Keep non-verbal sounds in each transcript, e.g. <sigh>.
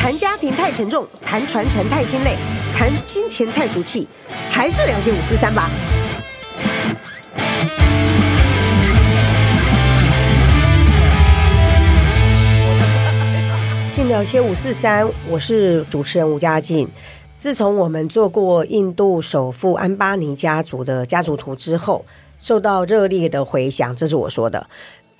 談家庭太沉重，談傳承太心累，談金錢太俗氣，還是聊些五四三吧。晉聊些五四三，我是主持人吳佳靜。自從我們做過印度首富安巴尼家族的家族圖之後，受到熱烈的回響，這是我說的。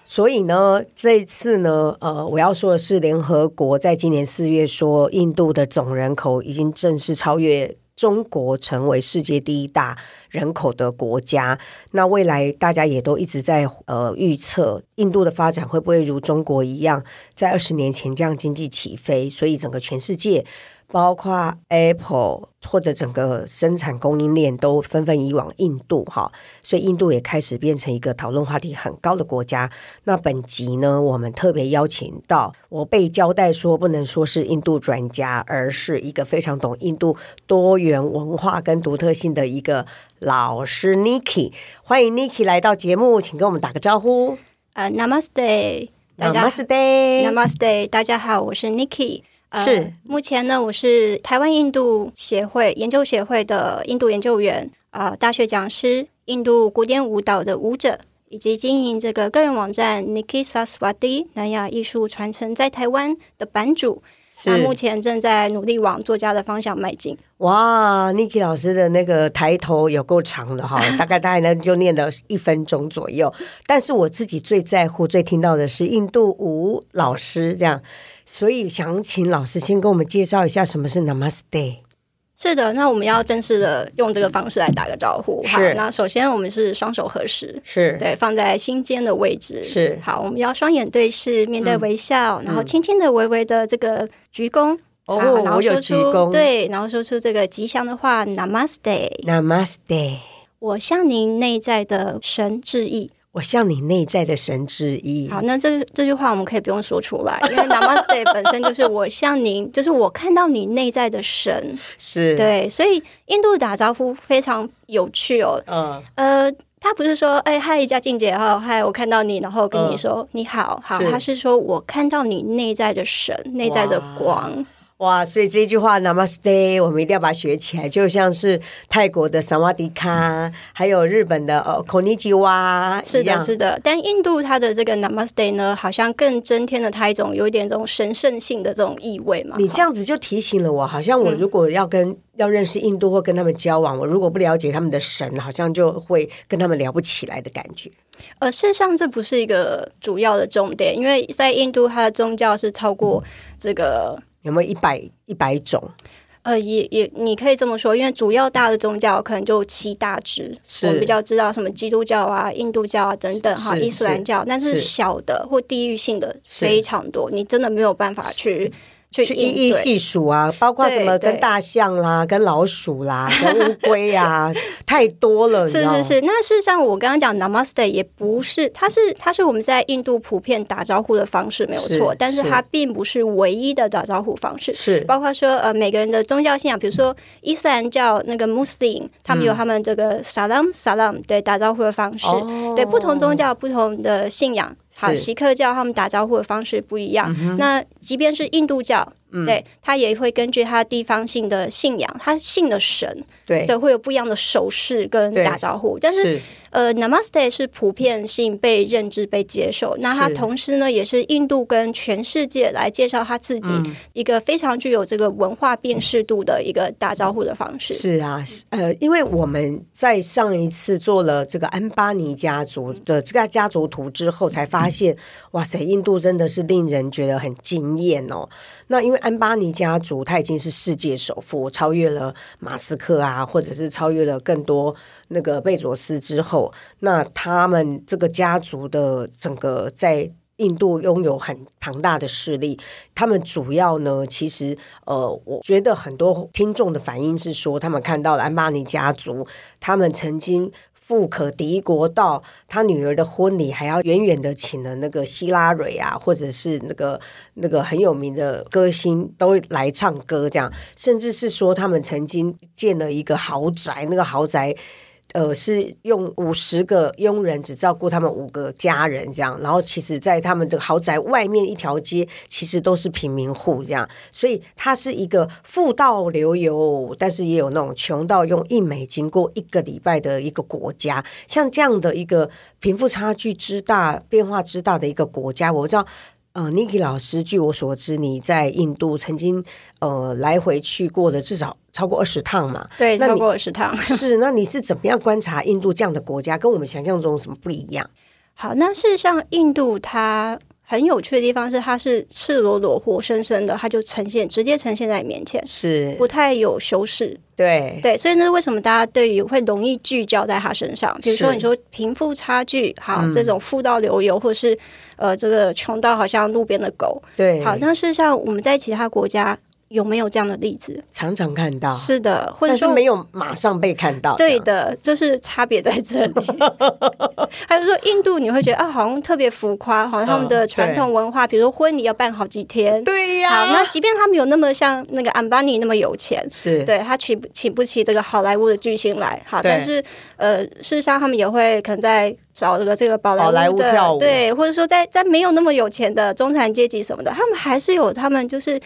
所以呢，這一次呢，呃，我要說的是，聯合國在今年四月說，印度的總人口已經正式超越中國，成為世界第一大人口的國家。那未來大家也都一直在呃預測，印度的發展會不會如中國一樣，在二十年前這樣經濟起飛？所以整個全世界。包括 Apple 或者整個生產供應鏈都紛紛移往印度哈，所以印度也開始變成一個討論話題很高的國家。那本集呢，我們特別邀請到，我被交代說不能說是印度專家，而是一個非常懂印度多元文化跟獨特性的一個老師 Niki。歡迎 Niki 來到節目，請跟我們打個招呼。Namaste，Namaste，Namaste，呃，Namaste. Namaste. Namaste. Namaste. 大家好，我是 Niki。呃、是，目前呢，我是台灣印度協會研究協會的印度研究員啊、呃，大學講師，印度古典舞蹈的舞者，以及經營這個個人網站 Niki Saraswathi 南亞藝術傳承在台灣的版主。那、呃、目前正在努力往作家的方向邁進。哇，Niki 老師的那個抬頭有夠長的哈， <laughs> 大概大概呢就念到一分鐘左右。 <laughs> 但是我自己最在乎、最聽到的是印度舞老師這樣。所以想請老師先跟我們介紹一下什麼是 Namaste。是的，那我們要正式的用這個方式來打個招呼。是。好那首先我們是雙手合十，是對放在心間的位置。是。好，我們要雙眼對視，面帶微笑、嗯，然後輕輕的、微微的這個鞠躬。哦、嗯 oh,，我有鞠躬。對，然後說出這個吉祥的話：Namaste，Namaste Namaste。我向您內在的神致意。我向你內在的神致意。好，那這這句話我們可以不用說出來， <laughs> 因為 Namaste 本身就是我向您， <laughs> 就是我看到你內在的神，是對，所以印度打招呼非常有趣哦。Uh, 呃，他不是說，哎、欸，嗨，加靜姐，哈、哦，嗨，我看到你，然後跟你說，uh, 你好好，他是說我看到你內在的神，內在的光。Wow 哇，所以這句話 Namaste，我們一定要把它學起來，就像是泰國的薩瓦迪卡，還有日本的哦 Konnichiwa，是的，是的。但印度它的這個 Namaste 呢，好像更增添了它一種有一點這種神聖性的這種意味嘛。你這樣子就提醒了我，好像我如果要跟、嗯、要認識印度或跟他們交往，我如果不了解他們的神，好像就會跟他們聊不起來的感覺。呃，事實上這不是一個主要的重點，因為在印度它的宗教是超過這個。嗯什麼一百一百種？呃，也也，你可以這麼說，因為主要大的宗教可能就七大支，我們比較知道什麼基督教啊、印度教啊等等哈、伊斯蘭教，但是小的或地域性的非常多，你真的沒有辦法去。去，去一一細數啊，包括什麼跟大象啦、跟老鼠啦、跟烏龜啊， <laughs> 太多了，你知道嗎？是是是。那事實上，我剛剛講 Namaste 也不是，它是它是我們在印度普遍打招呼的方式沒有錯，但是它並不是唯一的打招呼方式。是。包括說呃，每個人的宗教信仰，比如說伊斯蘭教那個 Muslim，他們有他們這個 Salam Salam、嗯、對打招呼的方式。哦、對，不同宗教不同的信仰。好，錫克教他們打招呼的方式不一樣。那即便是印度教。嗯、對，他也會根據他地方性的信仰，他信的神對，對，會有不一樣的手勢跟打招呼。但是，是呃，Namaste 是普遍性被認知、被接受。那他同時呢，也是印度跟全世界來介紹他自己一個非常具有這個文化辨識度的一個打招呼的方式。是啊，呃，因為我們在上一次做了這個安巴尼家族的這個家族圖之後，才發現、嗯，哇塞，印度真的是令人覺得很驚豔哦。那因為。安巴尼家族，他已經是世界首富，超越了馬斯克啊，或者是超越了更多那個貝佐斯之後，那他們這個家族的整個在印度擁有很龐大的勢力。他們主要呢，其實呃，我覺得很多聽眾的反應是說，他們看到了安巴尼家族，他們曾經。富可敵國，到他女兒的婚禮還要遠遠的請了那個希拉蕊啊，或者是那個那個很有名的歌星都來唱歌，這樣，甚至是說他們曾經建了一個豪宅，那個豪宅。呃，是用五十個傭人只照顧他們五個家人這樣，然後其實，在他們的豪宅外面一條街，其實都是貧民戶這樣，所以他是一個富到流油，但是也有那種窮到用一美金過一個禮拜的一個國家，像這樣的一個貧富差距之大、變化之大的一個國家，我知道。呃，Niki 老師，據我所知，你在印度曾經呃來回去過的至少超過二十趟嘛？對，超過二十趟。 <laughs> 是，那你是怎麼樣觀察印度這樣的國家，跟我們想象中什麼不一樣？好，那事實上，印度它。很有趣的地方是，它是赤裸裸、活生生的，它就呈現，直接呈現在你面前，是不太有修飾。對對，所以那是為什麼大家對於會容易聚焦在它身上？比如說，你說貧富差距，好，這種富到流油，或者是呃這個窮到好像路邊的狗，對。好像事實上我們在其他國家，有沒有這樣的例子？常常看到，是的，或者說是沒有馬上被看到。對的，就是差別在這裡。 <laughs> 還是說印度你會覺得啊，好像特別浮誇，好像他們的傳統文化，哦、比如說婚禮要辦好幾天。對呀、啊，那即便他們有那麼像那個安巴尼那麼有錢，是對，他請請不起這個好萊塢的巨星來。好，但是呃，事實上他們也會可能在找這個這個寶萊塢的萊對，或者說在在沒有那麼有錢的中產階級什麼的，他們還是有他們就是。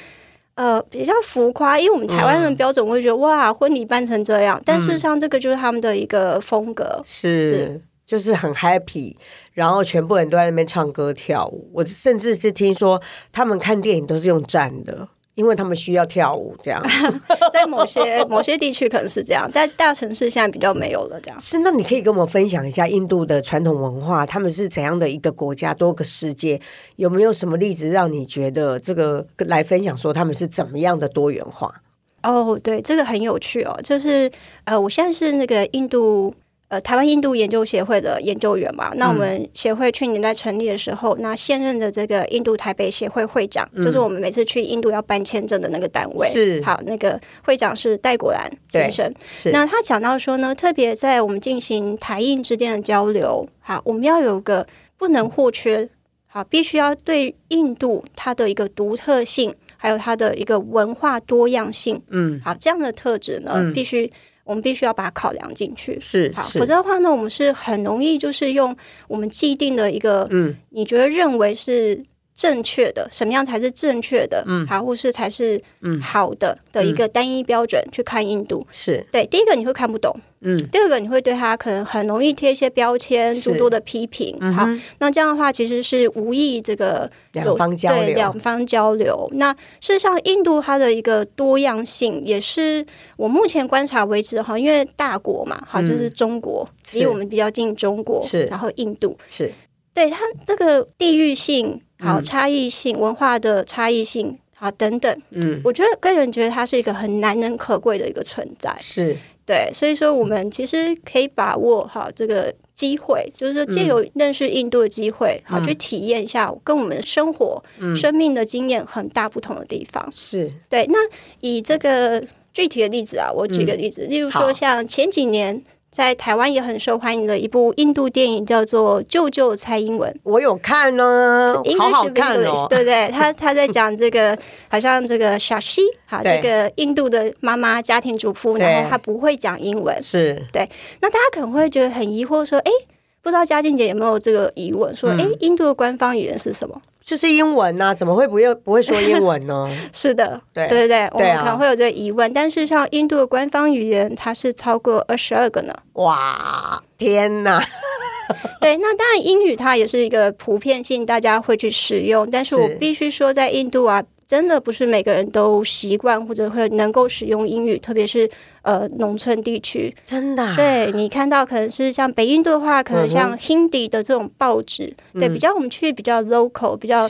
呃，比較浮誇，因為我們台灣人標準會覺得、嗯、哇，婚禮辦成這樣。但事實上這個就是他們的一個風格，嗯、是，是就是很 happy，然後全部人都在那邊唱歌跳舞。我甚至是聽說他們看電影都是用站的。因為他們需要跳舞，這樣 <laughs> 在某些某些地區可能是這樣， <laughs> 在大城市現在比較沒有了，這樣。是，那你可以跟我們分享一下印度的傳統文化，他們是怎樣的一個國家？多個世界，有沒有什麼例子讓你覺得這個來分享說他們是怎麼樣的多元化？哦，對，這個很有趣哦，就是呃，我現在是那個印度。呃，台灣印度研究協會的研究員嘛，那我們協會去年在成立的時候、嗯，那現任的這個印度台北協會會長、嗯，就是我們每次去印度要辦簽證的那個單位。是好，那個會長是戴國蘭先生。那他講到說呢，特別在我們進行台印之間的交流，好，我們要有個不能或缺，好，必須要對印度它的一個獨特性，還有它的一個文化多樣性，嗯，好，這樣的特質呢，嗯、必須。我們必須要把它考量進去，是好，否則的話呢，我們是很容易就是用我們既定的一個，嗯，你覺得認為是。正確的什麼樣才是正確的？嗯，好，或是才是嗯好的的一個單一標準去看印度，是對，第一個你會看不懂，嗯，第二個你會對他可能很容易貼一些標籤，諸多的批評、嗯。好，那這樣的話其實是無意這個兩方交流，對，兩方交流。那事實上，印度它的一個多樣性也是我目前觀察為止哈，因為大國嘛，哈，就是中國離、嗯、我們比較近，中國是，然後印度是，對它這個地域性。好，差異性文化的差異性，好等等。嗯，我覺得個人覺得它是一個很難能可貴的一個存在。是，對，所以說我們其實可以把握好這個機會，就是借由認識印度的機會，好，、嗯、好去體驗一下跟我們生活、嗯、生命的經驗很大不同的地方。是對。那以這個具體的例子啊，我舉個例子，嗯、例如說像前幾年。在台灣也很受歡迎的一部印度電影叫做《救救菜英文》，我有看呢、哦，好好看哦，對不對，對？他他在講這個， <laughs> 好像這個小西，好，這個印度的媽媽家庭主婦，然後她不會講英文，對對是對。那大家可能會覺得很疑惑，說，哎、欸，不知道嘉靖姐有沒有這個疑問？說，哎、欸，印度的官方語言是什麼？嗯就是英文吶、啊，怎麼會不用不會說英文呢？ <laughs> 是的對，對對對，我們可能會有這疑問、啊。但是像印度的官方語言，它是超過二十二個呢。哇，天哪！ <laughs> 對，那當然英語它也是一個普遍性，大家會去使用。但是我必須說，在印度啊。真的不是每個人都習慣或者會能夠使用英語，特別是呃農村地區。真的、啊，對你看到可能是像北印度的話，可能像 Hindi 的這種報紙、嗯，對比較我們去比較 local 比較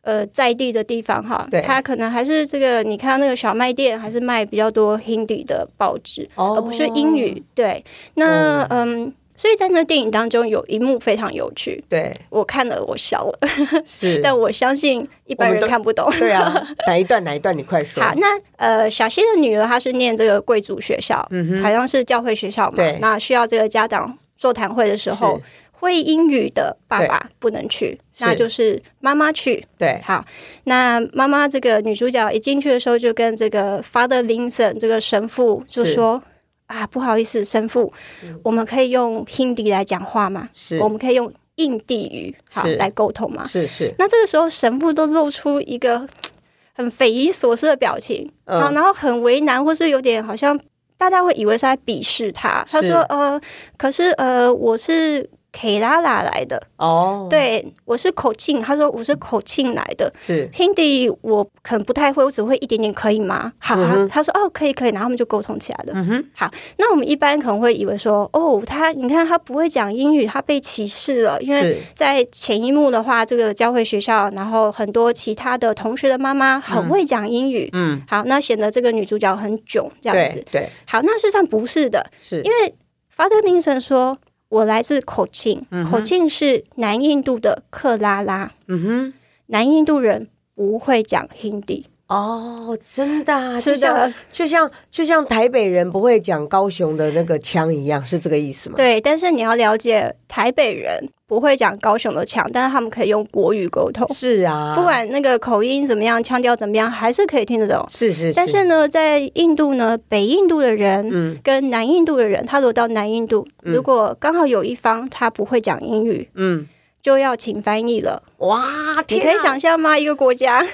呃在地的地方哈，對，它可能還是這個你看到那個小賣店還是賣比較多 Hindi 的報紙、哦，而不是英語。對，那嗯。呃哦所以在那電影當中有一幕非常有趣，對我看了我笑了， <laughs> 是，但我相信一般人看不懂都，對啊。 <laughs> 哪一段？哪一段？你快說？好，那呃，小溪的女兒她是念這個貴族學校，嗯哼，好像是教會學校嘛，那需要這個家長座談會的時候，會英語的爸爸不能去，那就是媽媽去。對，好，那媽媽這個女主角一進去的時候就跟這個 Father Lincoln 這個神父就說。啊，不好意思，神父，嗯、我們可以用 Hindi 來講話嗎？是，我們可以用印地語好來溝通嗎？是是。那這個時候，神父都露出一個很匪夷所思的表情，嗯啊，然後很為難，或是有點好像大家會以為是在鄙視他。他說：“呃，可是呃，我是。”凱拉哪來的？哦、oh.，對，我是口慶，他說我是口慶來的。是，Hindi 我可能不太會，我只會一點點，可以嗎？好，啊、嗯，他說哦，可以可以，然後我們就溝通起來了。嗯哼，好，那我們一般可能會以為說，哦，他你看他不會講英語，他被歧視了，因為在前一幕的話，這個教會學校，然後很多其他的同學的媽媽很會講英語。嗯，嗯好，那顯得這個女主角很囧這樣子對。對，好，那事實上不是的，是因為 Father Vincent 說。我來自 Kochin、嗯，Kochin 是南印度的克拉拉。嗯、南印度人不會講 Hindi。哦，真的、啊就像，是的，就像就像，就像台北人不會講高雄的那個腔一樣，是這個意思嗎？對，但是你要了解，台北人不會講高雄的腔，但是他們可以用國語溝通。是啊，不管那個口音怎麼樣，腔調怎麼樣，還是可以聽得懂。是是，是。但是呢，在印度呢，北印度的人跟南印度的人，嗯、他如果到南印度、嗯，如果剛好有一方他不會講英語，嗯，就要請翻譯了。哇天！你可以想象嗎？一個國家，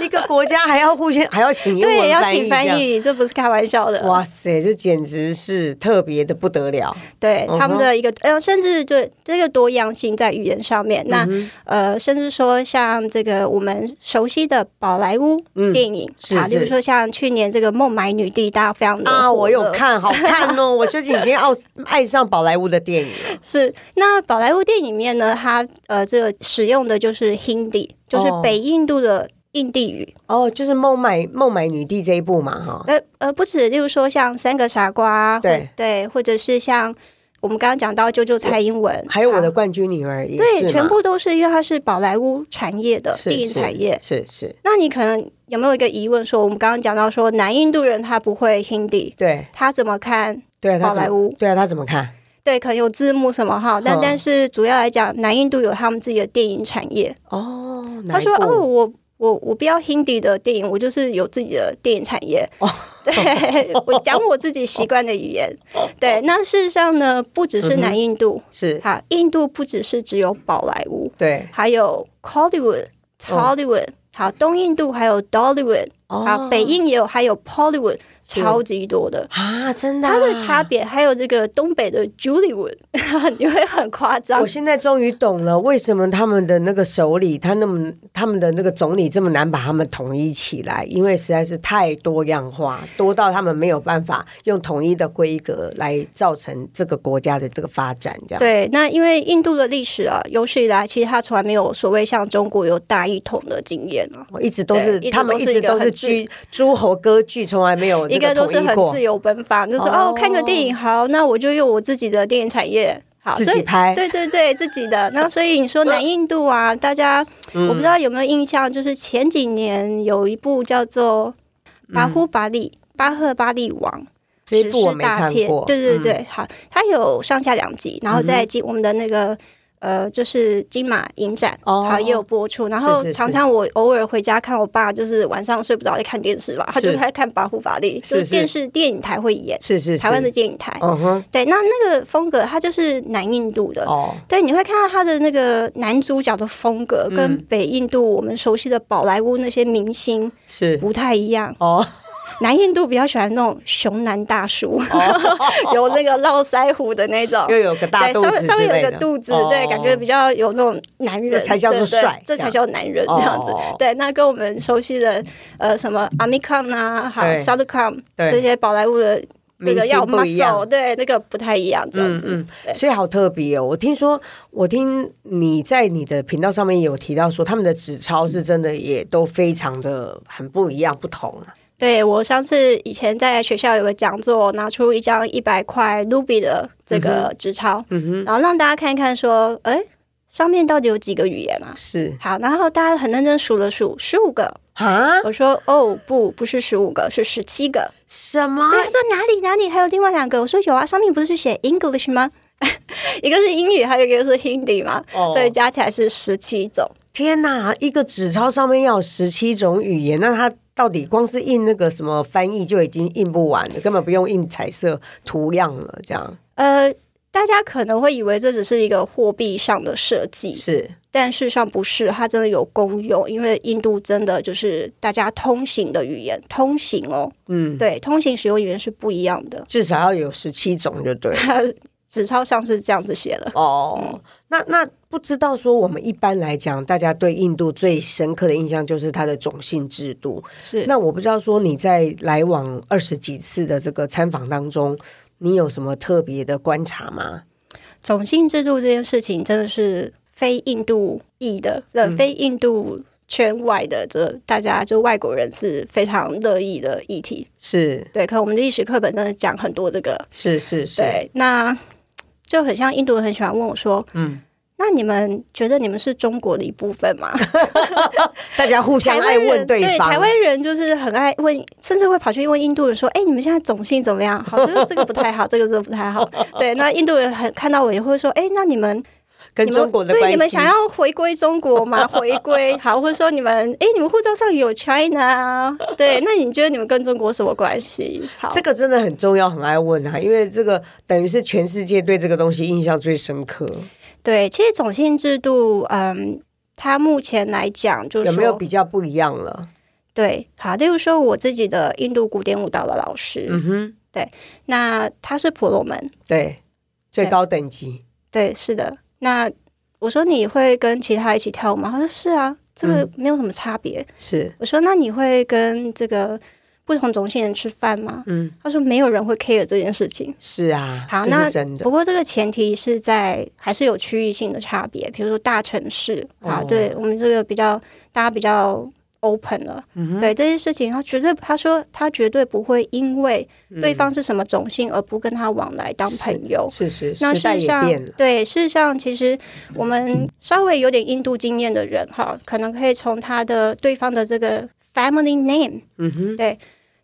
一個國家還要互相 <laughs> 還要請英文對，要請翻譯，這不是開玩笑的。哇塞，這簡直是特別的不得了。對，他們的一個、嗯、呃，甚至就這個多樣性在語言上面。那、嗯、呃，甚至說像這個我們熟悉的寶萊塢電影是是啊，比如說像去年這個《孟買女帝》，大家非常惡惡的啊，我有看，好看哦。 <laughs> 我是已經愛愛上寶萊塢的電影。是那寶萊塢電影裡面呢，它呃，這個使用的就是。是 Hindi，就是北印度的印地語。哦、oh. oh,，就是孟買，孟買女帝這一部嘛，哈、呃。呃呃，不止，例如說像三個傻瓜，對對，或者是像我們剛剛講到舅舅蔡英文、欸，還有我的冠軍女兒，也是。對，全部都是因為它是寶萊塢產業的電影產業，是是，是。那你可能有沒有一個疑問說？說我們剛剛講到說，南印度人他不會 Hindi，對，他怎麼看？對寶萊塢？對啊，他怎麼看？對，可能有字幕什麼哈，但但是主要來講，南印度有他們自己的電影產業。哦，他說：“哦，我我我不要 Hindi 的電影，我就是有自己的電影產業。”哦，對，我講我自己習慣的語言。 <laughs> 對，那事實上呢，不只是南印度、嗯、是好，印度不只是只有寶萊塢，對，還有 c o l l y w o o d Tollywood，、哦、好，東印度還有 Dollywood，、哦、好，北印也有，還有 p o l l y w o o d 超級多的啊，真的、啊，它的差別還有這個東北的 Jollywood，你會很誇張。我現在終於懂了為什麼他們的那個首里，他那麼他們的那個總理這麼難把他們統一起來，因為實在是太多樣化，多到他們沒有辦法用統一的規格來造成這個國家的這個發展這樣。對，那因為印度的歷史啊，有史以來其實他從來沒有所謂像中國有大一統的經驗啊，我一直都是他們是一,一直都是居諸侯割據，從來沒有。一個都是很自由奔放，就是、說哦，看個電影好，那我就用我自己的電影產業好，所以對對對，自己的。那所以你說南印度啊，大家、嗯、我不知道有沒有印象，就是前幾年有一部叫做《巴胡巴利》，嗯《巴赫巴利王》，史詩大片，這一部我沒看過、嗯，對對對，好，它有上下兩集，然後再接我們的那個。嗯呃，就是金馬影展，oh, 它也有播出。然後常常我偶爾回家看我爸，就是晚上睡不着在看電視吧，是他就是在看《巴霍巴利》是是，就是電視電影台會演，是是，是，是台灣的電影台。Uh -huh. 對，那那個風格它就是南印度的，oh. 對，你會看到他的那個男主角的風格，跟北印度我們熟悉的寶萊塢那些明星是不太一樣哦。南印度比較喜歡那種熊男大叔 <laughs> <laughs> 有那個絡腮鬍的那種，對，又有個大肚子之類的，稍微有個肚子、哦，對，感覺比較有那種男人，這才叫做帥，這才叫男人這樣子。哦、對，那跟我們熟悉的呃什麼阿米康啊，好沙德康這些寶萊塢的那個要 muscle, 不一樣，對，那個不太一樣這樣子。嗯嗯，所以好特別哦！我聽說，我聽你在你的頻道上面有提到說，他們的紙鈔是真的也都非常的很不一樣，不同啊。對，我上次以前在學校有個講座，拿出一張一百塊盧比的這個紙鈔，嗯嗯，然後讓大家看一看，說，哎，上面到底有幾個語言啊？是，好，然後大家很認真數了數，十五個啊？我說，哦不，不是十五個，是十七個。什麼？對，他說哪裡哪裡還有另外兩個？我說有啊，上面不是是寫 English 嗎？ <laughs> 一個是英語，還有一個是 Hindi 嘛，哦，所以加起來是十七種。天哪，一個紙鈔上面要十七種語言，那它到底光是印那個什麼翻譯就已經印不完了，根本不用印彩色圖樣了。這樣，呃，大家可能會以為這只是一個貨幣上的設計，是，但事實上不是，它真的有功用，因為印度真的就是大家通行的語言，通行哦，嗯，對，通行使用語言是不一樣的，至少要有十七種就對。 <laughs> 紙鈔上是這樣子寫的哦。那那不知道說，我們一般來講，大家對印度最深刻的印象就是它的種姓制度。是。那我不知道說，你在來往二十幾次的這個參訪當中，你有什麼特別的觀察嗎？種姓制度這件事情真的是非印度裔的、嗯、非印度圈外的這大家就外國人是非常樂意的議題。是對。可我們的歷史課本真的講很多這個。是是是。那。就很像印度人很喜歡問我說：“嗯，那你們覺得你們是中國的一部分嗎？” <laughs> <laughs> 大家互相愛問對方。台灣人，對，台灣人就是很愛問，甚至會跑去問印度人說：“哎、欸，你們現在種姓怎麼樣？好，這個這個不太好，這個這個不太好。 <laughs> ”對，那印度人很看到我也會說：“哎、欸，那你們。”跟中國的關係你對，你們想要回歸中國嗎 <laughs> 回歸好，或者說你們哎，你們護照上有 China，、啊、對，那你覺得你們跟中國什麼關係？好，這個真的很重要，很愛問哈、啊，因為這個等於是全世界對這個東西印象最深刻。對，其實種姓制度，嗯，它目前來講就是，就有沒有比較不一樣了？對，好，例如說我自己的印度古典舞蹈的老師，嗯哼，對，那他是婆羅門，對，最高等級，對，對是的。那我說你會跟其他一起跳舞嗎？他說是啊，這個沒有什麼差別、嗯。是我說那你會跟這個不同種姓人吃飯嗎？嗯，他說沒有人會 care 這件事情。是啊，好，那是真的。不過這個前提是在還是有區域性的差別，比如說大城市啊、哦，對我們這個比較大家比較。open 了，嗯、對這些事情，他絕對他說他絕對不會因為對方是什麼種姓而不跟他往來當朋友，嗯、是是是。那事實上，實對事實上，其實我們稍微有點印度經驗的人哈、嗯，可能可以從他的對方的這個 family name，嗯哼，對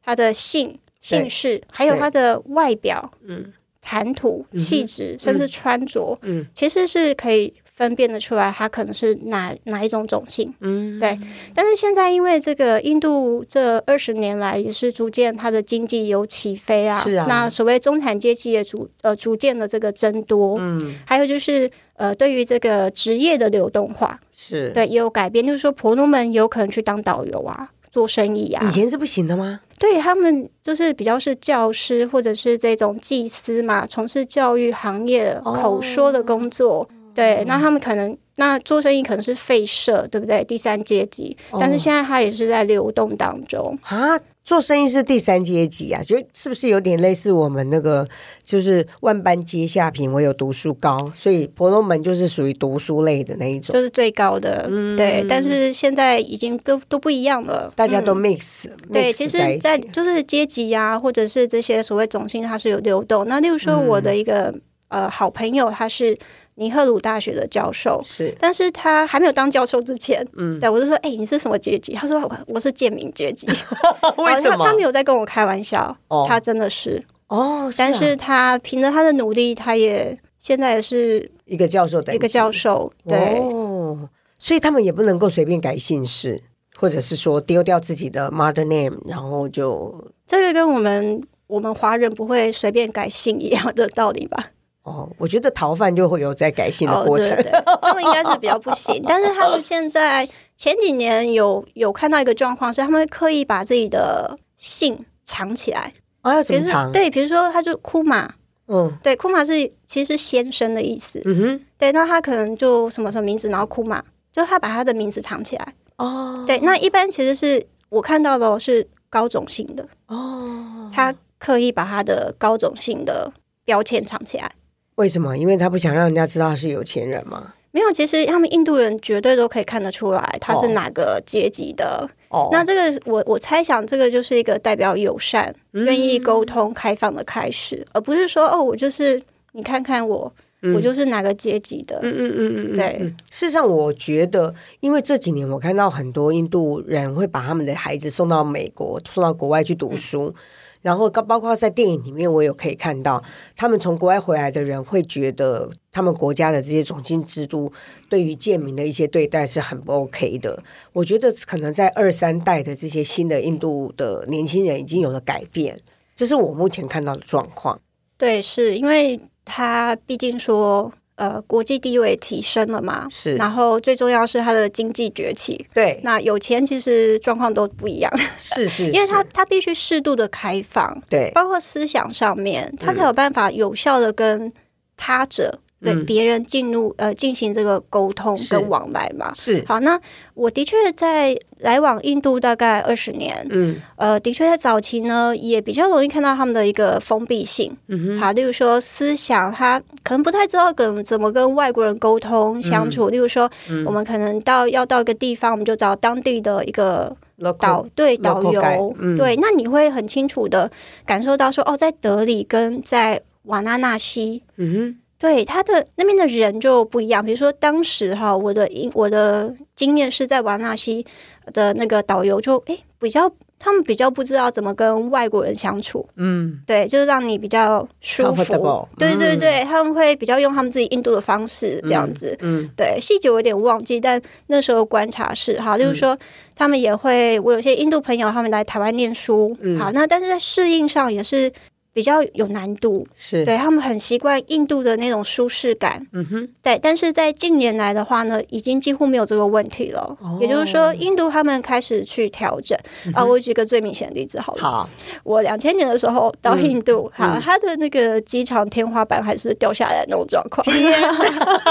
他的姓姓氏，還有他的外表、嗯談吐、氣質、嗯，甚至穿着，嗯，其實是可以。分辨得出來，它可能是哪哪一種種姓。嗯，對。但是現在，因為這個印度這二十年來也是逐漸它的經濟有起飛啊，是啊。那所謂中產階級也逐呃逐漸的這個增多，嗯。還有就是呃，對於這個職業的流動化，是，對，也有改變。就是說，婆羅門有可能去當導遊啊，做生意啊。以前是不行的嗎？對，他們就是比較是教師或者是這種祭司嘛，從事教育行業、口說的工作。哦對，那他們可能、嗯、那做生意可能是吠舍，對不對？第三階級，但是現在他也是在流動當中、哦、啊。做生意是第三階級啊，覺得，是不是有點類似我們那個就是萬般皆下品，唯有讀書高，所以婆羅門就是屬於讀書類的那一種，就是最高的。嗯、對，但是現在已經都都不一樣了，大家都 mix。嗯。對，mix 對，其實，在就是階級呀、啊嗯，或者是這些所謂種姓，它是有流動。那例如說，我的一個、嗯、呃好朋友，他是。尼赫魯大學的教授是，但是他還沒有當教授之前，嗯，對，我就說，哎、欸，你是什麼階級？他說，我我是賤民階級。 <laughs> 為什麼、啊他？他沒有在跟我開玩笑，哦、他真的是哦是、啊。但是他憑着他的努力，他也現在也是一個，一個教授，一個教授，對。哦，所以他們也不能夠隨便改姓氏，或者是說丟掉自己的 mother name，然後就這個跟我們我們華人不會隨便改姓一樣的道理吧？哦、oh,，我覺得逃犯，就會有在改姓的過程、oh, 對對對，他們應該是比較不行。 <laughs> 但是他們現在前幾年有有看到一個狀況是，所以他們會刻意把自己的姓藏起來啊？要、oh, 怎麼藏？對，比如說他就庫馬，嗯，對，庫馬是其實是先生的意思，嗯哼，對。那他可能就什麼什麼名字，然後庫馬就他把他的名字藏起來。哦、oh.，對，那一般其實是我看到的是高種姓的哦，oh. 他刻意把他的高種姓的標籤藏起來。為什麼？因為他不想讓人家知道他是有錢人嗎？沒有，其實他們印度人絕對都可以看得出來他是哪個階級的。哦、Oh. Oh.，那這個我我猜想，這個就是一個代表友善、嗯、願意溝通、開放的開始，而不是說哦，我就是你看看我、嗯，我就是哪個階級的。嗯嗯嗯嗯。對、嗯嗯嗯嗯，事實上，我覺得，因為這幾年我看到很多印度人會把他們的孩子送到美國，送到國外去讀書。嗯然後，包括在電影裡面，我也可以看到，他們從國外回來的人會覺得，他們國家的這些種姓制度對於賤民的一些對待是很不 OK 的。我覺得，可能在二三代的這些新的印度的年輕人已經有了改變，這是我目前看到的狀況。對，是因為他畢竟說。呃，國際地位提升了嘛。是。然後最重要是他的經濟崛起。對。那有錢其實狀況都不一樣。是是是。因為他他必須適度的開放。對。包括思想上面，他才有辦法有效的跟他者。對別人進入呃進行這個溝通跟往來嘛，是，是。好，那我的確在來往印度大概二十年，嗯呃的確在早期呢也比較容易看到他們的一個封閉性，嗯哼，好，例如說思想他可能不太知道跟怎麼跟外國人溝通相處，嗯、例如說、嗯、我們可能到要到一個地方我們就找當地的一個導對導遊，嗯對，那你會很清楚的感受到說哦在德里跟在瓦拉納西，嗯哼。對他的那邊的人就不一樣，比如說當時哈，我的我的經驗是在瓦納西的那個導遊就誒、欸、比較他們比較不知道怎麼跟外國人相處，嗯，對，就是讓你比較舒服，嗯，對對對，他們會比較用他們自己印度的方式這樣子，嗯，嗯對，細節我有點忘記，但那時候觀察是哈，就是說他們也會，嗯，我有些印度朋友他們來台灣唸書，嗯，好，那但是在適應上也是。比較有難度，是對他們很習慣印度的那種舒適感，嗯哼，對。但是在近年來的話呢，已經幾乎沒有這個問題了。哦、也就是說，印度他們開始去調整、嗯、啊。我舉個最明顯的例子好了，好，我兩千年的時候到印度，嗯、好，他的那個機場天花板還是掉下來的那種狀況，啊、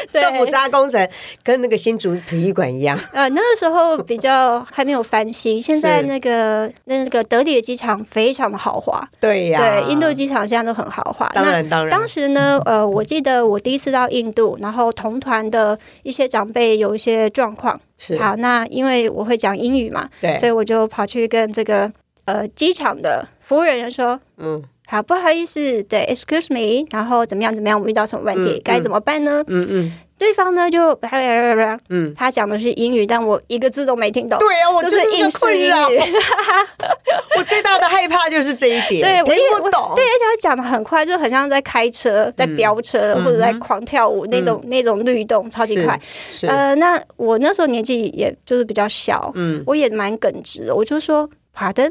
<laughs> <laughs> 對。豆腐渣工程，跟那個新竹體育館一樣。啊，那個時候比較還沒有翻新，現在那個那，那個德里的機場非常的豪華，對。對，印度機場現在都很豪華。當然那，當然。當時呢，呃，我記得我第一次到印度，然後同團的一些長輩有一些狀況。是。好，那因為我會講英語嘛，對，所以我就跑去跟這個呃機場的服務人員說，嗯，好不好意思？對，Excuse me，然後怎麼樣怎麼樣，我們遇到什麼問題、嗯，該怎麼辦呢？嗯嗯。嗯對方呢，就他講的是英語，但我一個字都沒聽懂。對、嗯、啊、就是，我就是硬吃英語。 <laughs> 我最大的害怕就是這一點，對，我聽不懂，對，而且他講的很快，就很像在開車、在飆車、嗯、或者在狂跳舞、嗯、那種、嗯、那種律動，超級快。呃，那我那時候年紀也就是比較小，嗯、我也蠻耿直的，我就說，Pardon。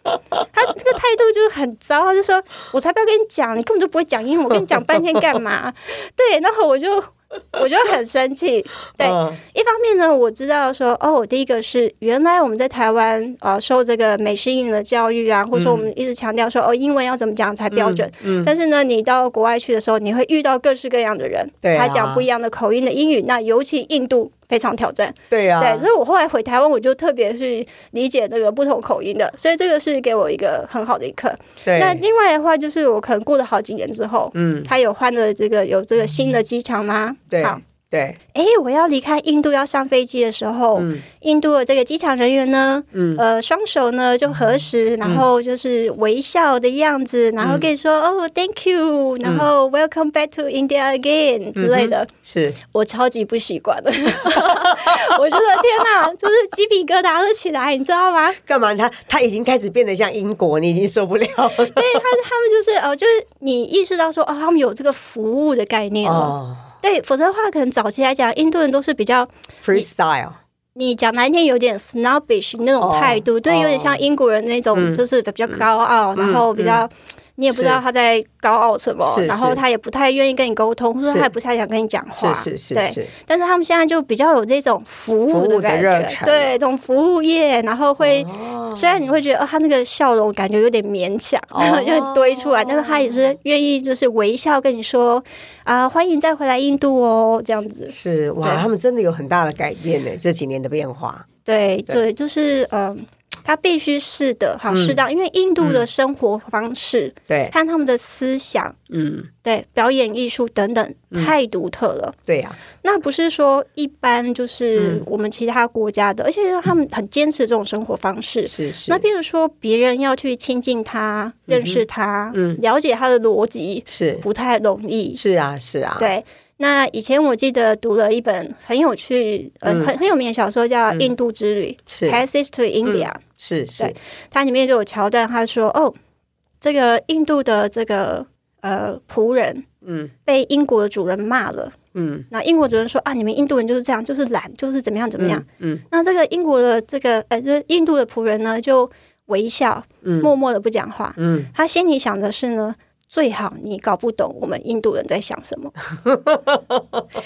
<laughs> 他這個態度就是很糟，他就說：“我才不要跟你講，你根本就不會講英文，我跟你講半天幹嘛？” <laughs> 對，然後我就我就很生氣。對、嗯，一方面呢，我知道說，哦，第一個是原來我們在台灣啊、呃，受這個美式英語的教育啊，或者說我們一直強調說、嗯，哦，英文要怎麼講才標準、嗯嗯？但是呢，你到國外去的時候，你會遇到各式各樣的人，對啊、他講不一樣的口音的英語，那尤其印度。非常挑戰，對呀、啊，對，所以我後來回台灣，我就特別去理解這個不同口音的，所以這個是給我一個很好的一課。那另外的話，就是我可能過了好幾年之後，嗯，他有換了這個有這個新的機場嗎？嗯、對。好對，哎、欸，我要離開印度，要上飛機的時候、嗯，印度的這個機場人員呢，嗯、呃，雙手呢就合十、嗯，然後就是微笑的樣子，嗯、然後跟你說“嗯、哦，Thank you”，然後、嗯、“Welcome back to India again”、嗯、之類的。是我超級不習慣，我覺得天哪， <laughs> 就是雞皮疙瘩都起來，你知道嗎？幹嘛？他他已經開始變得像英國，你已經受不了了。 <laughs> 對，他他們就是哦、呃，就是你意識到說，哦、呃，他們有這個服務的概念了。Oh. 對，否則的話，可能早期來講，印度人都是比較 freestyle。你，你講難聽有點 snobbish 那種態度，oh, 對，有點像英國人那種，就是比較高傲，oh. 然後比較、mm. 你也不知道他在高傲什麼，然後他也不太願意跟你溝通，或者他也不太想跟你講話，對，是是是是。但是他們現在就比較有這種服務的感覺，啊、對，這種服務業，然後會。Oh. 雖然你會覺得，哦，他那個笑容感覺有點勉強，oh. 就堆出來，oh. 但是他也是願意就是微笑跟你說，啊、呃，歡迎再回來印度哦，這樣子。是，是哇，他們真的有很大的改變呢，這幾年的變化。對對，對，對，就是嗯。呃他必須是的，好適當，因為印度的生活方式，對，和他們的思想，嗯，對，表演藝術等等、嗯、太獨特了，對呀、啊，那不是說一般就是我們其他國家的，嗯、而且他們很堅持這種生活方式，是、嗯、是，那譬如說別人要去親近他是是、認識他、嗯、了解他的邏輯，是不太容易是，是啊，是啊，對。那以前我記得讀了一本很有趣、嗯呃、很很有名的小說，叫《印度之旅、嗯、Passage to India）、嗯。是，是，它裡面就有橋段，他說：“哦，這個印度的這個呃僕人，嗯，被英國的主人罵了，嗯，那英國主人說啊，你們印度人就是這樣，就是懶，就是怎麼樣怎麼樣，嗯，嗯那這個英國的這個呃，就是印度的僕人呢，就微笑，默默的不講話，嗯，他、嗯、心裡想的是呢。”最好你搞不懂我們印度人在想什麼，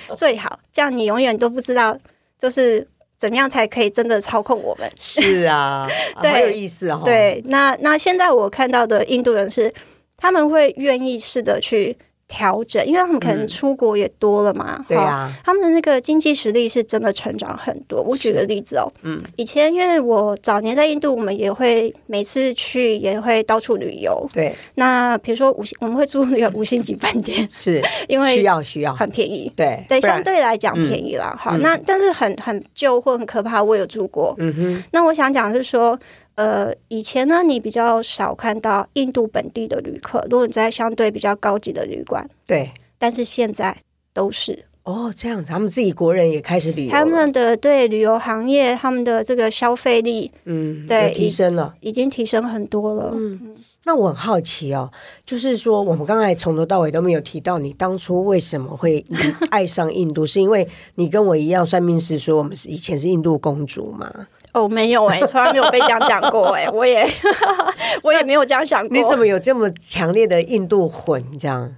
<laughs> 最好這樣你永遠都不知道，就是怎麼樣才可以真的操控我們。 <laughs> 是啊，很、 <laughs> 啊、有意思、哦、對，那那現在我看到的印度人是他們會願意試着去。調整，因為他們可能出國也多了嘛，嗯、好對、啊、他們的那個經濟實力是真的成長很多。我舉個例子哦，嗯，以前因為我早年在印度，我們也會每次去也會到處旅遊，對。那比如說五星，我們會住那個五星級飯店，是因為需要需要很便宜，對對，相對來講便宜啦。嗯、好、嗯，那但是很很舊或很可怕，我有住過，嗯哼。那我想講的是說，呃，以前呢，你比較少看到印度本地的旅客。如果你在相對比較高級的旅館，對，但是現在都是哦。這樣子，他們自己國人也開始旅遊。他們的對旅遊行業，他們的這個消費力，嗯，對，提升了已，已經提升很多了。嗯，那我很好奇哦，就是說，我們剛才從頭到尾都沒有提到你當初為什麼會愛上印度， <laughs> 是因為你跟我一樣算命師說，我們是以前是印度公主嘛？哦，沒有哎、欸，從來沒有被這樣講過哎、欸， <laughs> 我也我也沒有這樣想過。你怎麼有這麼強烈的印度魂這樣？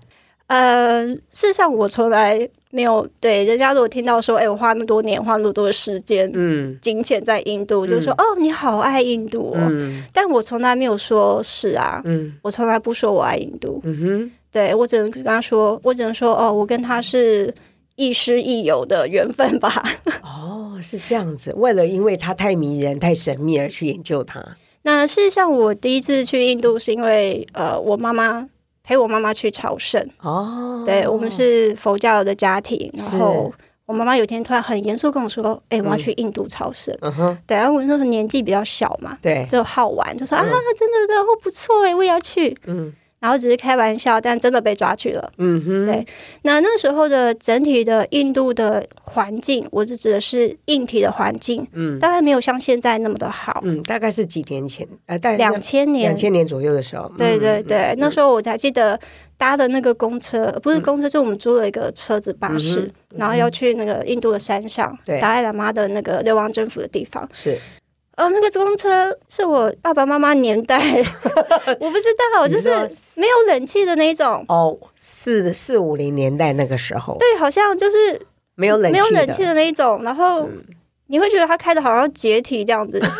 呃，事實上我從來沒有對人家，如果聽到說哎、欸，我花那麼多年，花那麼多的時間、嗯、金錢在印度，就說、嗯、哦，你好愛印度哦。嗯，但我從來沒有說是啊，嗯，我從來不說我愛印度。嗯哼，對，我只能跟他說，我只能說哦，我跟他是亦師亦友的緣分吧。哦。是這樣子，為了因為他太迷人、太神秘而去研究他。那事實上，我第一次去印度，是因為呃，我媽媽陪我媽媽去朝聖哦。對，我們是佛教的家庭，然後我媽媽有天突然很嚴肅跟我說：“哎、欸，我要去印度朝聖。嗯”哼。對，然後我那時候年紀比較小嘛，對，就好玩，就說啊，真的，然後不錯哎，我也要去。嗯。然後只是開玩笑，但真的被抓去了。嗯哼，對。那那時候的整體的印度的環境，我是指的是硬體的環境，嗯，當然沒有像現在那麼的好。嗯，大概是幾年前，呃，大概兩千年，兩千年左右的時候。嗯、對對對、嗯，那時候我才記得搭的那個公車、嗯，不是公車，是我們租了一個車子巴士，嗯嗯、然後要去那個印度的山上，對、嗯，達賴喇嘛的那個流亡政府的地方。是。哦，那個直通車是我爸爸媽媽年代， <laughs> 我不知道， <laughs> 就是沒有冷氣的那一種。哦，四四五零年代那個時候，對，好像就是沒有冷沒有冷氣的那一種。然後你會覺得它開得好像解體這樣子，嗯、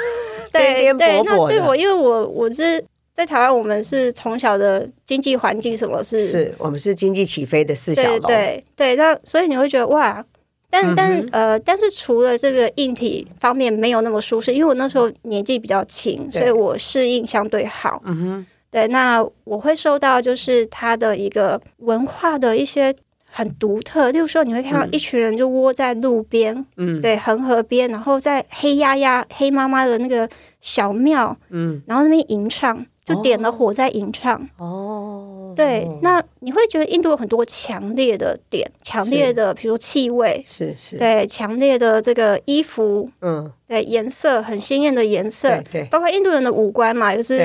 對顛顛簸簸的對，那對我，因為我我是在台灣，我們是從小的經濟環境什麼事，是是我們是經濟起飛的四小龍對對，對，那所以你會覺得哇。但但呃，但是除了這個硬體方面沒有那麼舒適，因為我那時候年紀比較輕，哦、所以我適應相對好。嗯哼，對，那我會受到就是它的一個文化的一些很獨特，就是說你會看到一群人就窩在路邊，嗯，對，恆河邊，然後在黑壓壓黑麻麻的那個小廟，嗯，然後那邊吟唱。就點了火在吟唱哦，對，oh, 那你會覺得印度有很多強烈的點，強、oh, 烈的，比如氣味是是，對，強烈的這個衣服，嗯，對，顏色很鮮豔的顏色對，對，包括印度人的五官嘛，又是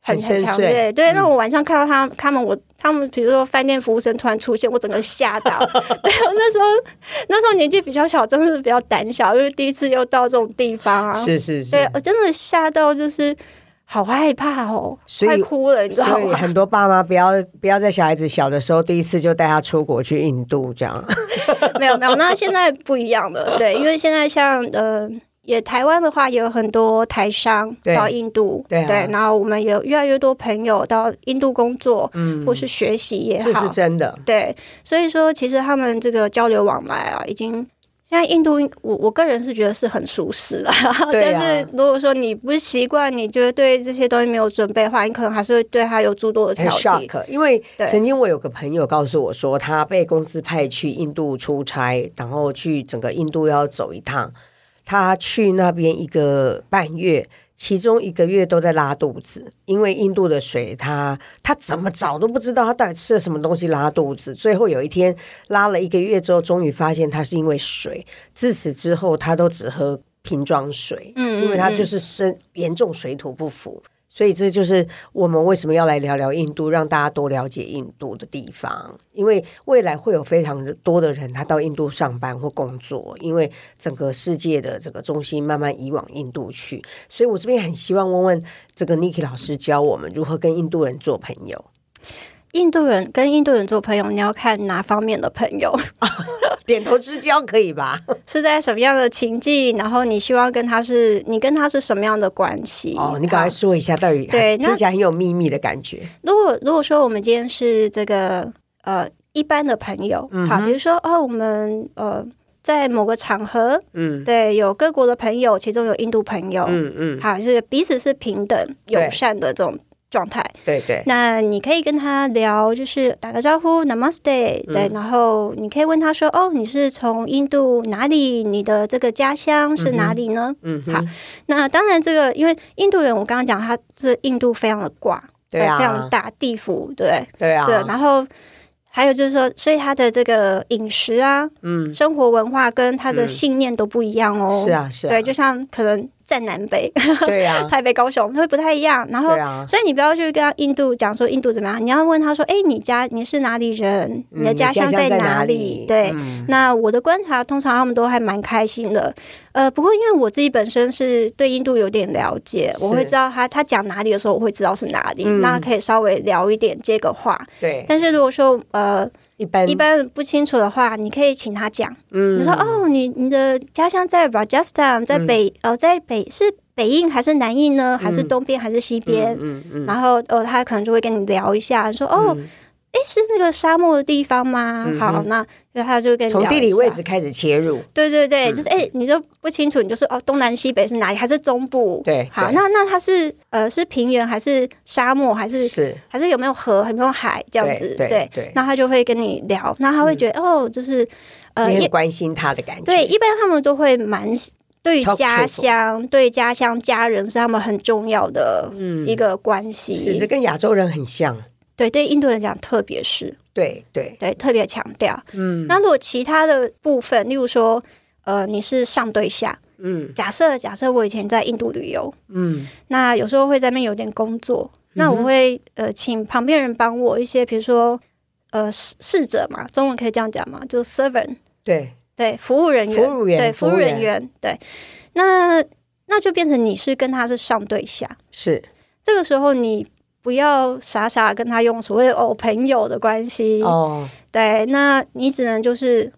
很很強烈，對,對,對、嗯，那我晚上看到他們他們我他們，比如說飯店服務生突然出現，我整個嚇到， <laughs> 對，那時候那時候年紀比較小，真的是比較膽小，因、就、為、是、第一次又到這種地方啊，是是是，對我真的嚇到就是。好害怕哦，所以害哭了你知道。所以很多爸媽不要不要在小孩子小的時候第一次就帶他出國去印度這樣 <laughs> 。沒有沒有，那現在不一樣了對，因為現在像呃也台灣的話也有很多台商到印度對，對啊，然後我們有越來越多朋友到印度工作，嗯，或是學習也好，這是真的對。所以說其實他們這個交流往來啊已經。那印度，我我個人是覺得是很舒適的啊，但是如果說你不習慣，你覺得對這些東西沒有準備的話，你可能還是會對他有諸多的挑剔。很 shock，因為曾經我有個朋友告訴我說，他被公司派去印度出差，然後去整個印度要走一趟，他去那邊一個半月。其中一個月都在拉肚子，因為印度的水它，他他怎麼找都不知道，他到底吃了什麼東西拉肚子。最後有一天拉了一個月之後，終於發現他是因為水。自此之後，他都只喝瓶裝水，因為他就是生嚴重水土不服。嗯嗯。所以這就是我們為什麼要來聊聊印度，讓大家多了解印度的地方。因為未來會有非常多的人他到印度上班或工作，因為整個世界的這個中心慢慢移往印度去。所以我這邊很希望問問這個 Niki 老師，教我們如何跟印度人做朋友。印度人跟印度人做朋友，你要看哪方面的朋友？哦、點頭之交可以吧？ <laughs> 是在什麼樣的情境？然後你希望跟他是你跟他是什麼樣的關係？哦，嗯、你趕快說一下，到底對，聽起來很有秘密的感覺。如果如果說我們今天是這個呃一般的朋友，嗯，好，比如說哦，我們呃在某個場合，嗯，對，有各國的朋友，其中有印度朋友，嗯嗯，好，就是彼此是平等友善的這種。狀態對對，那你可以跟他聊，就是打個招呼，Namaste，、嗯、對，然後你可以問他說：“哦，你是從印度哪裡？你的這個家鄉是哪裡呢？”嗯，好，那當然這個，因為印度人，我剛剛講，他是印度非常的廣，對、啊呃、非常大地府，對對啊對，然後還有就是說，所以他的這個飲食啊，嗯，生活文化跟他的、嗯、信念都不一樣哦，是啊是啊，對，就像可能。在南北，對呀、啊，台北、高雄會不太一樣。然後、啊，所以你不要去跟印度講說印度怎麼樣，你要問他說：“哎、欸，你家你是哪裡人？嗯、你的家鄉在，在哪裡？”對，嗯、那我的觀察，通常他們都還蠻開心的。呃，不過因為我自己本身是對印度有點了解，我會知道他他講哪裡的時候，我會知道是哪裡、嗯，那可以稍微聊一點這個話。對，但是如果說呃。一般不清楚的話，你可以請他講。嗯，你說哦，你你的家鄉在 Rajasthan，在北，嗯，呃，在北是北印還是南印呢？還是東邊還是西邊？嗯嗯嗯嗯，然後哦，呃，他可能就會跟你聊一下，說哦。嗯哎，是那個沙漠的地方嗎？嗯、好，那那他就跟你從地理位置開始切入。對對對，嗯、就是哎，你就不清楚，你就說、是、哦，東南西北是哪裡？還是中部？對，好，那那它是呃是平原還是沙漠？還是是還是有沒有河？有沒有海？這樣子？對，那他就會跟你聊，那他會覺得、嗯、哦，就是呃，也關心他的感覺。對，一般他們都會蠻對於家鄉，對，家鄉，對家鄉家人是他們很重要的一個關係。其、嗯、實跟亞洲人很像。對，對印度人講，特別是對對對，特別強調。嗯，那如果其他的部分，例如說，呃，你是上對下，嗯，假設假設我以前在印度旅遊，嗯，那有時候會在那邊有點工作，嗯，那我會呃請旁邊人幫我一些，比如說呃侍侍者嘛，中文可以這樣講嘛，就是 servant，對對，服務人員，服務員，對服務人員，人對，那那就變成你是跟他是上對下，是這個時候你。不要傻傻跟他用所謂哦朋友的關係，哦、oh. 對，那你只能就是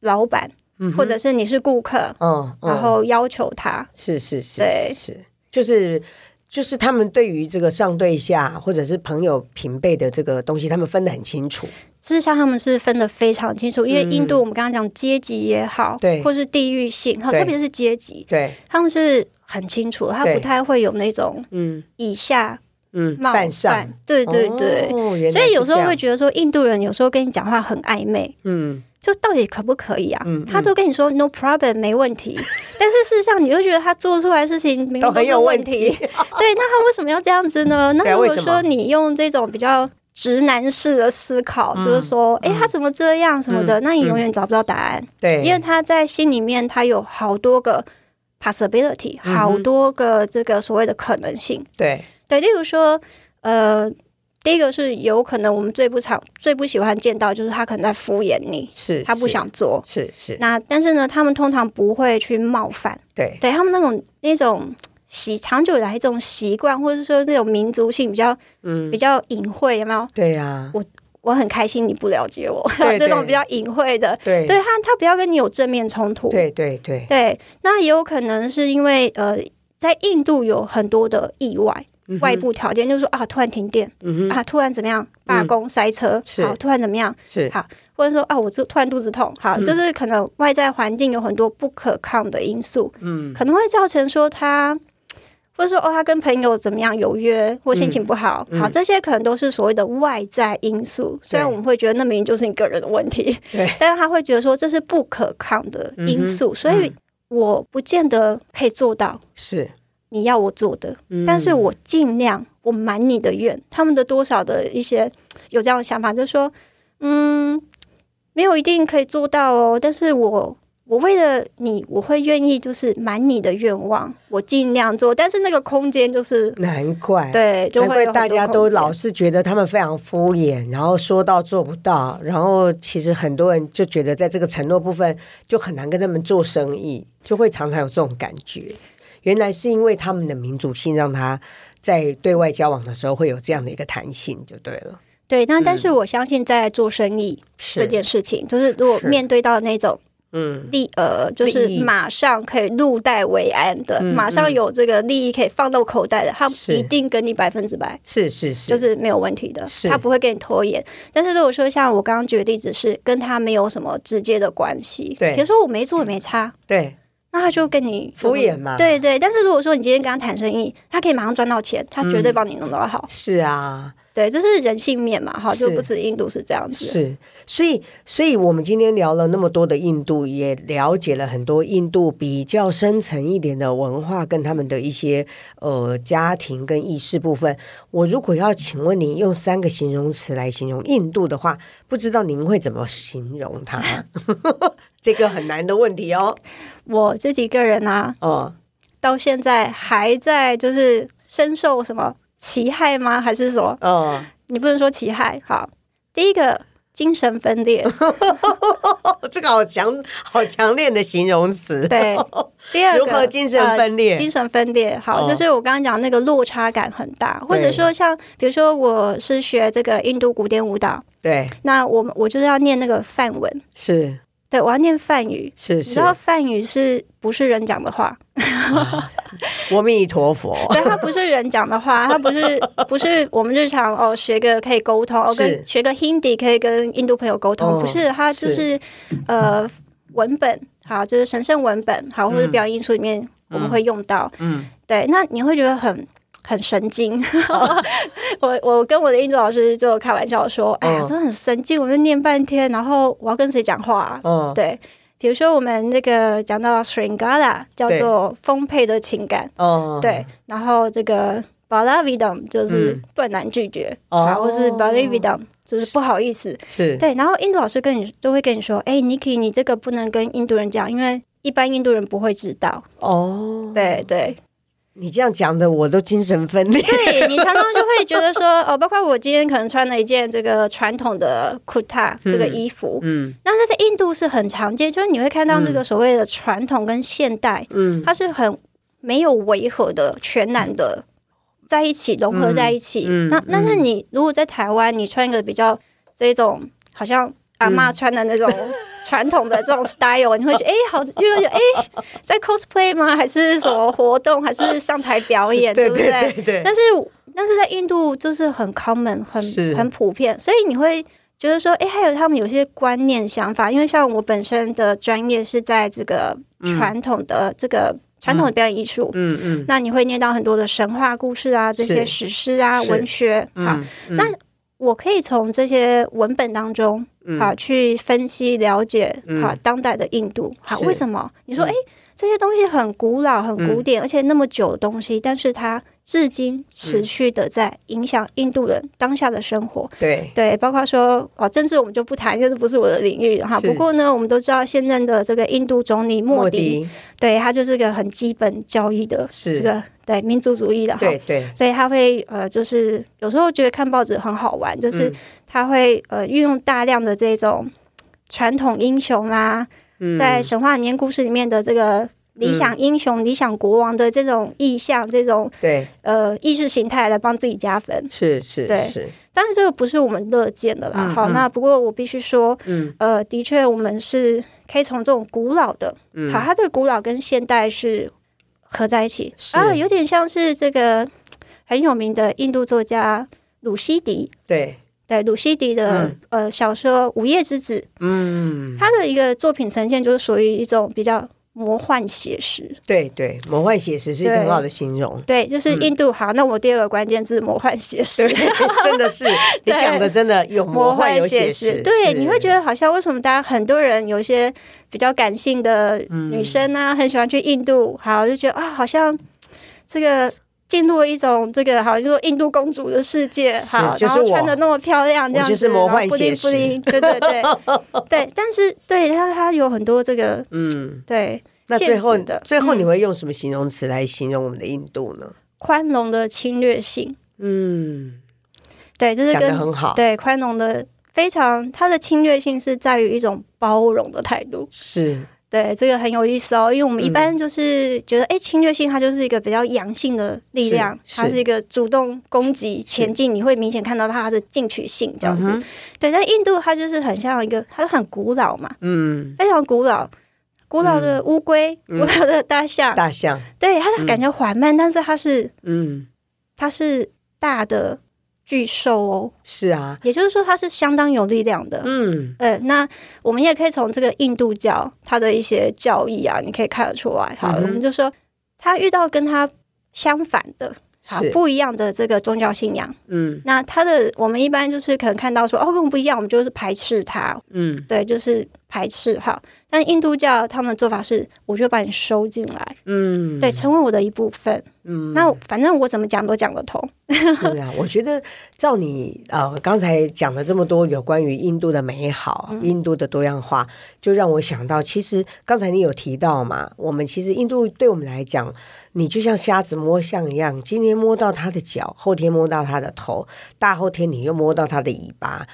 老板，mm -hmm. 或者是你是顧客，哦、oh. 然後要求他，oh. 是，是，是是是，對、就是，就是就是他們對於這個上對下或者是朋友平輩的這個東西，他們分得很清楚。是像他們是分得非常清楚、嗯，因為印度我們剛剛講階級也好，對，或是地域性，特別是階級，對，他們是很清楚，他不太會有那種嗯以下。嗯，冒犯，犯對對對，對、哦，所以有時候會覺得說印度人有時候跟你講話很曖昧，嗯，就到底可不可以啊？嗯嗯、他都跟你說 no problem 沒問題， <laughs> 但是事實上你又覺得他做出來的事情明明都，都很有問題， <laughs> 對，那他為什麼要這樣子呢？嗯啊？那如果說你用這種比較直男式的思考，嗯，就是說哎、欸、他怎麼這樣什麼的、嗯，那你永遠找不到答案，嗯嗯、對，因為他在心裡面他有好多個 possibility，好多個這個所謂的可能性，嗯、對。對，例如說，呃，第一個是有可能我們最不常、最不喜歡見到，就是他可能在敷衍你，是，是他不想做，是是，是。那但是呢，他們通常不會去冒犯，對，對他們那種那種習長久以來這種習慣，或者說這種民族性比較嗯比較隱晦，有沒有？對呀，啊，我我很開心你不了解我，這 <laughs> 種比較隱晦的，對，對他他不要跟你有正面衝突，對對對對。那也有可能是因為呃，在印度有很多的意外。外部條件就是說啊，突然停電，嗯哼，啊，突然怎麼樣，罷工、嗯、塞車，是好，突然怎麼樣，是好，或者說啊，我就突然肚子痛，好、嗯，就是可能外在環境有很多不可抗的因素，嗯，可能會造成說他或者說哦，他跟朋友怎麼樣有約，或心情不好，嗯、好，這些可能都是所謂的外在因素。嗯、雖然我們會覺得那明明就是你個人的問題，對，但是他會覺得說這是不可抗的因素，嗯、所以我不見得可以做到，是。你要我做的，但是我盡量，我滿你的願。嗯、他們的多少的一些有這樣的想法，就說嗯，沒有一定可以做到哦。但是我我為了你，我會願意就是滿你的願望，我盡量做。但是那個空間就是難怪對，就會難怪大家都老是覺得他們非常敷衍，然後說到做不到，然後其實很多人就覺得在這個承諾部分就很難跟他們做生意，就會常常有這種感覺。原來是因為他們的民主性，讓他在對外交往的時候會有這樣的一個彈性，就對了。對，那但是我相信，在做生意、嗯、這件事情，就是如果面對到那種，嗯，利呃，就是馬上可以入袋為安的，馬上有這個利益可以放到口袋的，嗯袋的嗯、他一定跟你百分之百，是是是，就是沒有問題的，是他不會跟你，你拖延。但是如果說像我剛剛舉的例子，是跟他沒有什麼直接的關係，對，比如說我沒做也沒差，嗯、對。那他就跟你敷衍嘛，嗯，對對。但是如果說你今天跟他談生意，他可以馬上賺到錢，他絕對幫你弄到好，嗯。是啊，對，這是人性面嘛，哈，就不止印度是這樣子。是，所以，所以我們今天聊了那麼多的印度，也了解了很多印度比較深層一點的文化跟他們的一些呃家庭跟意識部分。我如果要請問您用三個形容詞來形容印度的話，不知道您會怎麼形容它？ <laughs> 這個很難的問題哦。我自己個人啊，哦，到現在還在就是深受什麼其害嗎？還是什麼哦，你不能說其害。好，第一個精神分裂， <laughs> 這個好強、好強烈的形容詞。對，第二個如何精神分裂、呃，精神分裂。好，哦、就是我剛剛講那個落差感很大，或者說像，比如說我是學這個印度古典舞蹈，對，那我我就是要念那個梵文是。對，我要念梵語是。是，你知道梵語是不是人講的話？阿、啊、彌陀佛。 <laughs> 對，它不是人講的話，它不是不是我們日常哦學個可以溝通哦，跟學個 Hindi 可以跟印度朋友溝通，不是它就是,是呃文本，好，就是神聖文本，好，或者表演藝術裡面、嗯、我們會用到。嗯，對，那你會覺得很。很神經，oh. <laughs> 我我跟我的印度老師就開玩笑說：“ oh. 哎呀，真的很神經，我就念半天，然後我要跟誰講話、啊？” oh. 對，比如說我們那個講到 Sringala 叫做豐沛的情感，oh. 對，然後這個 bala vedom 就是斷然拒絕，嗯 oh. 然後是 bala vedom 就是不好意思，是對。然後印度老師跟你都會跟你說：“哎、欸，Niki，你這個不能跟印度人講，因為一般印度人不會知道。Oh. ”哦，對對。你這樣講的，我都精神分裂對。對，你常常就會覺得說， <laughs> 哦，包括我今天可能穿了一件這個傳統的庫塔這個衣服，嗯，那那在印度是很常見，就是你會看到那個所謂的傳統跟現代，嗯，它是很沒有違和的，全然的在一起，嗯在一起嗯、融合在一起。嗯、那那是你如果在台灣，你穿一個比較這種好像。 <laughs> 阿媽穿的那種傳統的這種 style， <laughs> 你會覺得哎、欸，好，因為哎，在 cosplay 嗎？還是什麼活動？ <laughs> 還是上台表演，對不對？ <laughs> 對，對。但是，但是在印度就是很 common，很很普遍，所以你會覺得說，哎、欸，還有他們有些觀念想法。因為像我本身的專業是在這個傳統的這個傳統的表演藝術，嗯嗯、嗯，那你會念到很多的神話故事啊，這些史詩啊，文學啊、嗯嗯，那。我可以從這些文本當中、嗯、啊，去分析了解啊、嗯，當代的印度啊，為什麼？你說哎？嗯這些東西很古老，很古典、嗯，而且那麼久的東西，但是它至今持續的在影響印度人當下的生活。嗯、對對，包括說哦，政治我們就不談，因為不是我的領域哈。不過呢，我們都知道現任的這個印度總理莫，莫迪，對他就是個很基本教義的這個是對民族主義的哈。對對，所以他會呃，就是有時候覺得看報紙很好玩，就是他會、嗯、呃運用大量的這種傳統英雄啦、啊。嗯、在神話裡面、故事裡面的這個理想英雄、嗯、理想國王的這種意象、這種對呃意識形態，來幫自己加分，是是，對是，但是這個不是我們樂見的啦、嗯。好，那不過我必須說，嗯，呃，的確我們是可以從這種古老的，嗯、好，它這個古老跟現代是合在一起是，啊，有點像是這個很有名的印度作家魯西迪，對。在魯西迪的、嗯、呃小說《午夜之子》，嗯，他的一個作品呈現就是屬於一種比較魔幻寫實。對對，魔幻寫實是一個很好的形容對、嗯。對，就是印度。好，那我第二個關鍵字魔幻寫實，嗯、真的是 <laughs> 你講的真的有魔幻，有寫，實魔幻寫實。對，你會覺得好像為什麼大家很多人有一些比較感性的女生呢、啊嗯，很喜歡去印度，好就覺得啊、哦，好像這個。進入了一種這個，好像、就是印度公主的世界，好，就是、然後穿的那麼漂亮，這樣子，就是魔幻寫實，bling bling <laughs> 對對對對。但是，對它它有很多這個，嗯，對的。那最後，最後你會用什麼形容詞來形容我們的印度呢？寬容的侵略性，嗯，對，就是跟，講得很好。對，寬容的非常，它的侵略性是在於一種包容的態度，是。對，這個很有意思哦，因為我們一般就是覺得，哎、嗯欸，侵略性，它就是一個比較陽性的力量，它是一個主動攻擊前進，你會明顯看到它是進取性這樣子。嗯、對，在印度它就是很像一個，它很古老嘛，嗯，非常古老，古老的烏龜、嗯，古老的大象，嗯嗯、大象，對，它是感覺緩慢、嗯，但是它是，嗯，它是大的。巨獸哦，是啊，也就是說它是相當有力量的，嗯，呃、嗯，那我們也可以從這個印度教它的一些教義啊，你可以看得出來，好，嗯嗯，我們就說他遇到跟他相反的好，不一樣的這個宗教信仰，嗯，那他的，我們一般就是可能看到說哦，跟我們不一樣，我們就是排斥他，嗯，對，就是排斥哈。好但印度教他們的做法是，我就把你收進來，嗯，對，成為我的一部分。嗯，那反正我怎麼講都講得通。是啊，我覺得照你呃剛才講的這麼多有關於印度的美好，印度的多樣化，嗯、就讓我想到，其實剛才你有提到嘛，我們其實印度對我們來講，你就像瞎子摸象一樣，今天摸到他的腳，後天摸到他的頭，大後天你又摸到他的尾巴。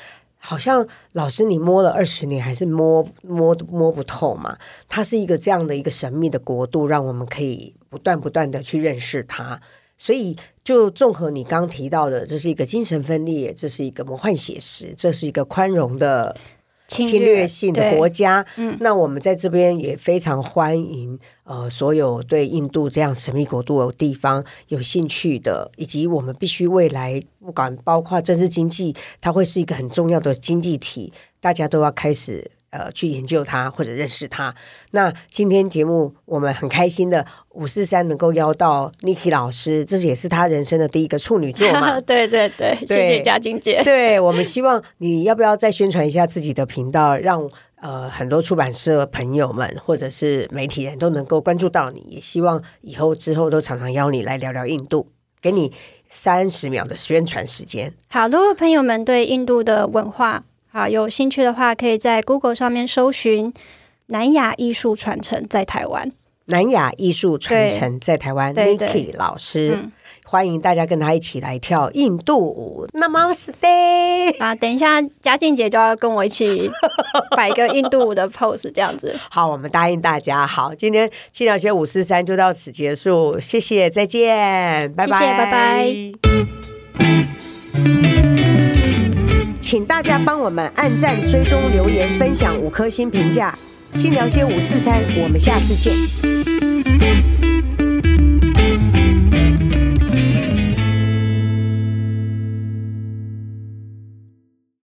好像老師，你摸了二十年還是摸摸摸不透嘛？它是一個這樣的一個神秘的國度，讓我們可以不斷不斷的去認識它。所以，就綜合你剛提到的，這是一個精神分裂，這是一個魔幻寫實，這是一個寬容的侵略性的國家，那我們在這邊也非常歡迎、嗯、呃，所有對印度這樣神秘國度的地方有興趣的，以及我們必須未來不管包括政治經濟，它會是一個很重要的經濟體，大家都要開始。呃，去研究他或者認識他。那今天節目我們很開心的五四三能夠邀到 Niki 老師，這也是他人生的第一個處女座嘛。 <laughs> 對對對，對謝謝嘉君姐。對，對我們希望你要不要再宣傳一下自己的頻道，讓呃很多出版社朋友們或者是媒體人都能夠關注到你。也希望以後之後都常常邀你來聊聊印度，給你三十秒的宣傳時間。好，如果朋友們對印度的文化。好，有興趣的話，可以在 Google 上面搜尋南亞藝術傳承在台灣。南亞藝術傳承在台灣 Niki 老師，嗯，歡迎大家跟他一起來跳印度舞。Namaste 啊！等一下，嘉靖姐，就要跟我一起 <laughs> 擺一個印度舞的 pose，這樣子。 <laughs> 好，我們答應大家。好，今天晉聊些五四三就到此結束。謝謝，再見，拜拜，拜拜。請大家幫我們按讚、追蹤、留言、分享五顆星評價，晉聊些五四三，我們下次見。